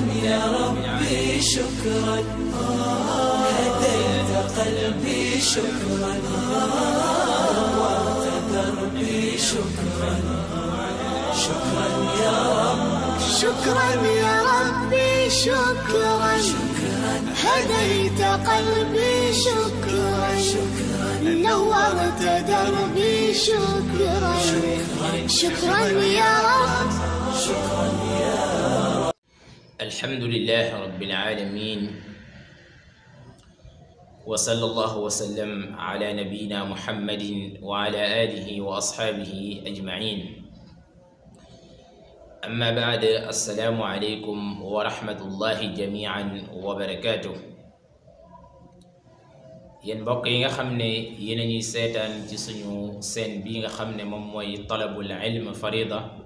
نعم يا ربي شكرا هديت قلبي شكرا روضت دربي شكرا شكرا يا رب شكرا يا ربي شكرا هديت قلبي شكرا نورت دربي شكرا شكرا يا رب شكرا يا رب alhamdulilah rabbil alamin wa sallallahu wa sallam ala nabiyyina muhammadin wa ala alihi wa ashabihi ajmain amma baad assalaamu aleykum wa rahmatullahi jamian wa barakatuh yéen mbokk yi nga xam ne yéen a ñuy seetaan ci suñu seen bii nga xam ne moom mooy talabul ilm farida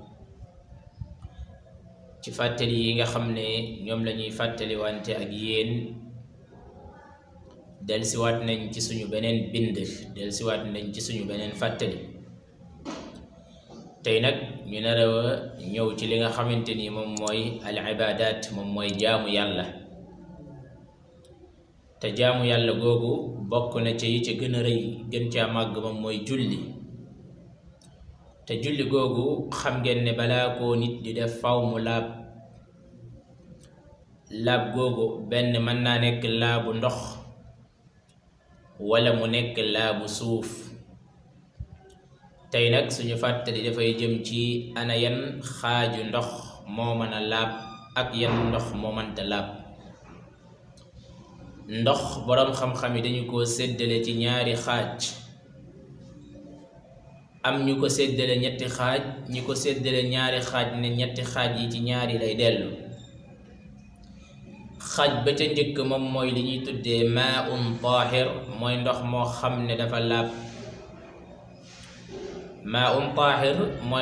ci fàttali yi nga xam ne ñoom lañuy fàttali wante ak yéen delsiwaat nañ ci suñu beneen bind delsiwaat nañ ci suñu beneen fàttali tey nag ñu nar a ñëw ci li nga xamante ni moom mooy al ibadat moom mooy jaamu yàlla te jaamu yàlla googu bokk na ci yi ci gën a rëy gën caa màgg moom mooy julli te julli googu xam ngeen ni balaa koo nit di def faw mu laab laab googu benn mën naa nekk laabu ndox wala mu nekk laabu suuf tey nag suñu fàttali dafay jëm ci ana yan xaaju ndox moo mën a laab ak yan ndox moo mënta laab ndox boroom xam-xam yi dañu ko séddale ci ñaari xaaj am ñu ko séddale ñetti xaaj ñi ko séddale ñaari xaaj ne ñetti xaaj yi ci ñaari lay dellu xaaj ba ca njëkk moom mooy li ñuy tuddee maa un taahir mooy ndox moo xam ne dafa laab maa un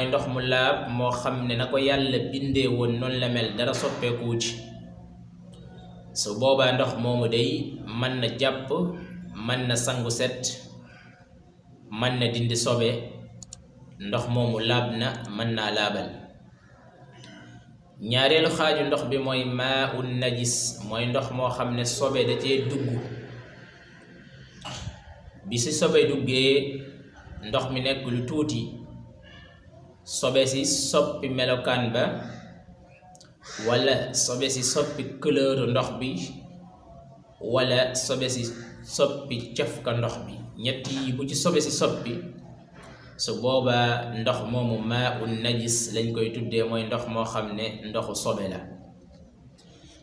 ndox mu laab moo xam ne na ko yàlla bindee woon noonu la mel dara soppeeku ci su boobaa ndox moomu day mën na jàpp mën na sangu set mën na dindi sobe ndox moomu laab na mën naa laabal ñaareelu xaaju ndox bi mooy maa un najis mooy ndox moo xam ne sobe da cee dugg bi ci sobe duggee ndox mi nekk lu tuuti sobe si soppi melokaan ba wala sobe si soppi couleur ndox bi wala sobe si soppi cafka ndox bi ñett yi bu ci sobe si soppi su boobaa ndox moomu maa un najis lañ koy tuddee mooy ndox moo xam ne ndoxu sobe la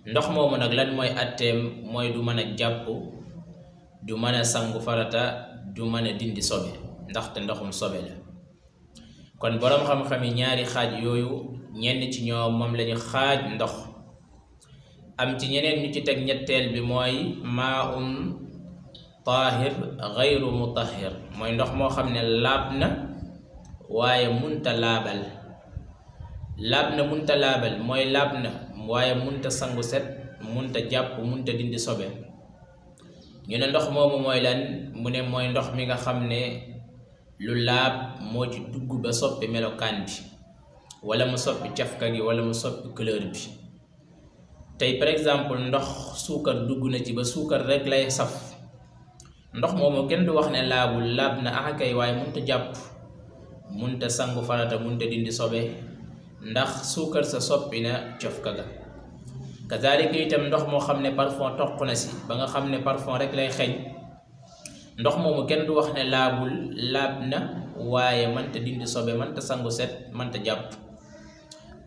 ndox moomu nag lan mooy atteem mooy du mën a jàpp du mën a sangu farata du mën a dindi sobe ndaxte ndoxum sobe la kon boroom xam-xam ñaari xaaj yooyu ñenn ci ñoom moom lañu xaaj ndox am ci ñeneen ñu ci teg ñetteel bi mooy maa un taahir gayru mutahir mooy ndox moo xam ne laab na waaye munta laabal laab na munta laabal mooy laab na waaye munta sangu set munta jàpp munta dindi sobe ñu ne ndox moomu mooy lan mu ne mooy ndox mi nga xam ne lu laab moo ci dugg ba soppi melokaan bi wala mu soppi cafka gi wala mu soppi couleur bi tey par exemple ndox suukar dugg na ci ba suukar rek lay saf ndox moomu kenn du wax ne laabul laab na akay waaye mënut a jàpp munta sangu farata munta dindi sobe ndax suukar sa soppi na cof ka ga kazalika itam ndox moo xam ne parfum toq na si ba nga xam ne parfum rek lay xeeñ ndox moomu kenn du wax ne laabul laab na waaye mënta dindi sobe mënta sangu set mënta jàpp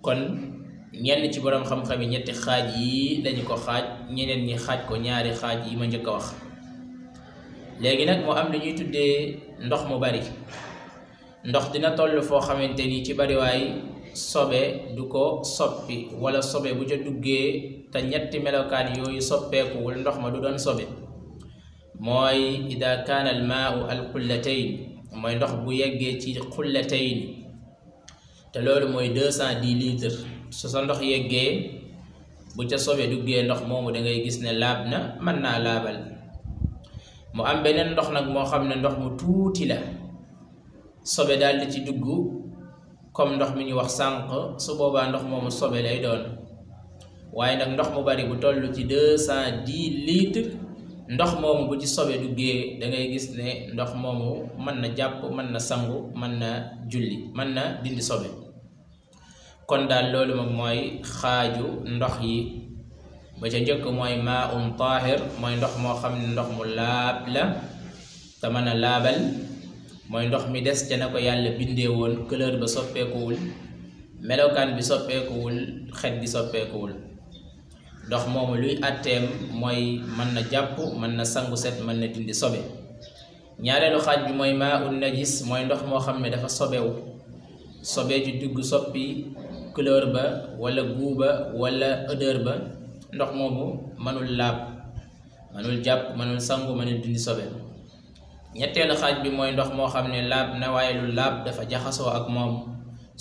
kon ñenn ci boroom xam-xam yi ñetti xaaj yi lañu ko xaaj ñeneen ñi xaaj ko ñaari xaaj yi ma njëkk a wax léegi nag moo am lu ñuy tuddee ndox mu bari ndox dina toll foo xamante ni ci bariwaay sobe du ko soppi wala sobe bu ca duggee te ñetti melokaan yooyu soppeekuwul ndox ma du doon sobe mooy ida kaana al maau al qullatayn mooy ndox bu yeggee ci qullatayn te loolu mooy deux cent dix litres su sa ndox yeggee bu ca sobee duggee ndox moomu dangay gis ne laab na mën naa laabal mu am beneen ndox nag moo xam ne ndox mu tuuti la sobe daal di ci dugg comme ndox mi ñu wax sànq su boobaa ndox moomu sobe lay doon waaye nag ndox mu bari bu toll ci deux cent dix litres ndox moomu bu ci sobe duggee da ngay gis ne ndox moomu mën na jàpp mën na sangu mën na julli mën na dindi sobe kon daal loolu moom mooy xaaju ndox yi ba ca jëkk mooy maa um taahir mooy ndox moo xam ne ndox mu laab la te mën a laabal mooy ndox mi des ca na ko yàlla bindee woon couleur ba soppeekuwul melokaan bi soppeekuwul xet gi soppeekuwul ndox moomu luy àtteem mooy mën na jàpp mën na sangu set mën na dindi sobe ñaareelu xaaj bi mooy maa un najis mooy ndox moo xam ne dafa sobewu sobe ju dugg soppi couleur ba walla guuba ba wala odeur ba ndox moomu mënul laab mënul jàpp mënul sangu mënul dindi sobe ñetteelu xaaj bi mooy ndox moo xam ne laab na waaye lu laab dafa jaxasoo ak moom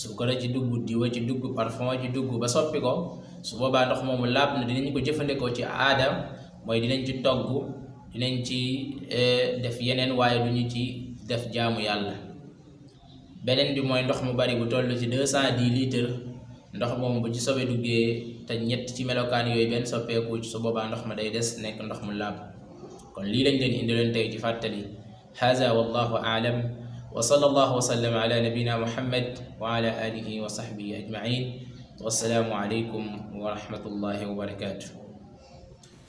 suukara ci dugg diwa ci dugg parfum ci dugg ba soppi ko su boobaa ndox moomu laab na dinañ ko jëfandikoo ci aada mooy dinañ ci togg dinañ ci eh, def yeneen waaye du ci def jaamu yàlla beneen bi mooy ndox mu bari bu toll ci deux cent dix litres ndox moomu bu ci sobe duggee te ñett ci melokaan yooyu benn soppeeku su boobaa ndox ma day des nekk ndox mu laab kon lii lañ leen indiloon tey ci fàttali haaza wallahu aalam wa sallallahu wa sallam ala nabina muhammad wa ala alihi wa sahbihi ajmain wassalaamu aleykum wa rahmatullahi wa barakatuh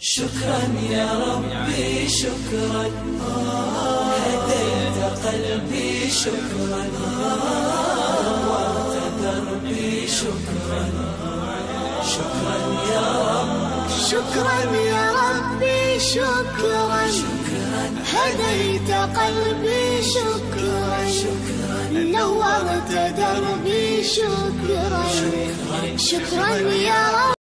شكرا يا ربي شكرا هديت قلبي شكرا روضت دربي شكرا شكرا يا رب شكرا يا ربي شكرا هديت قلبي شكرا شكرا نورت دربي شكرا شكرا يا رب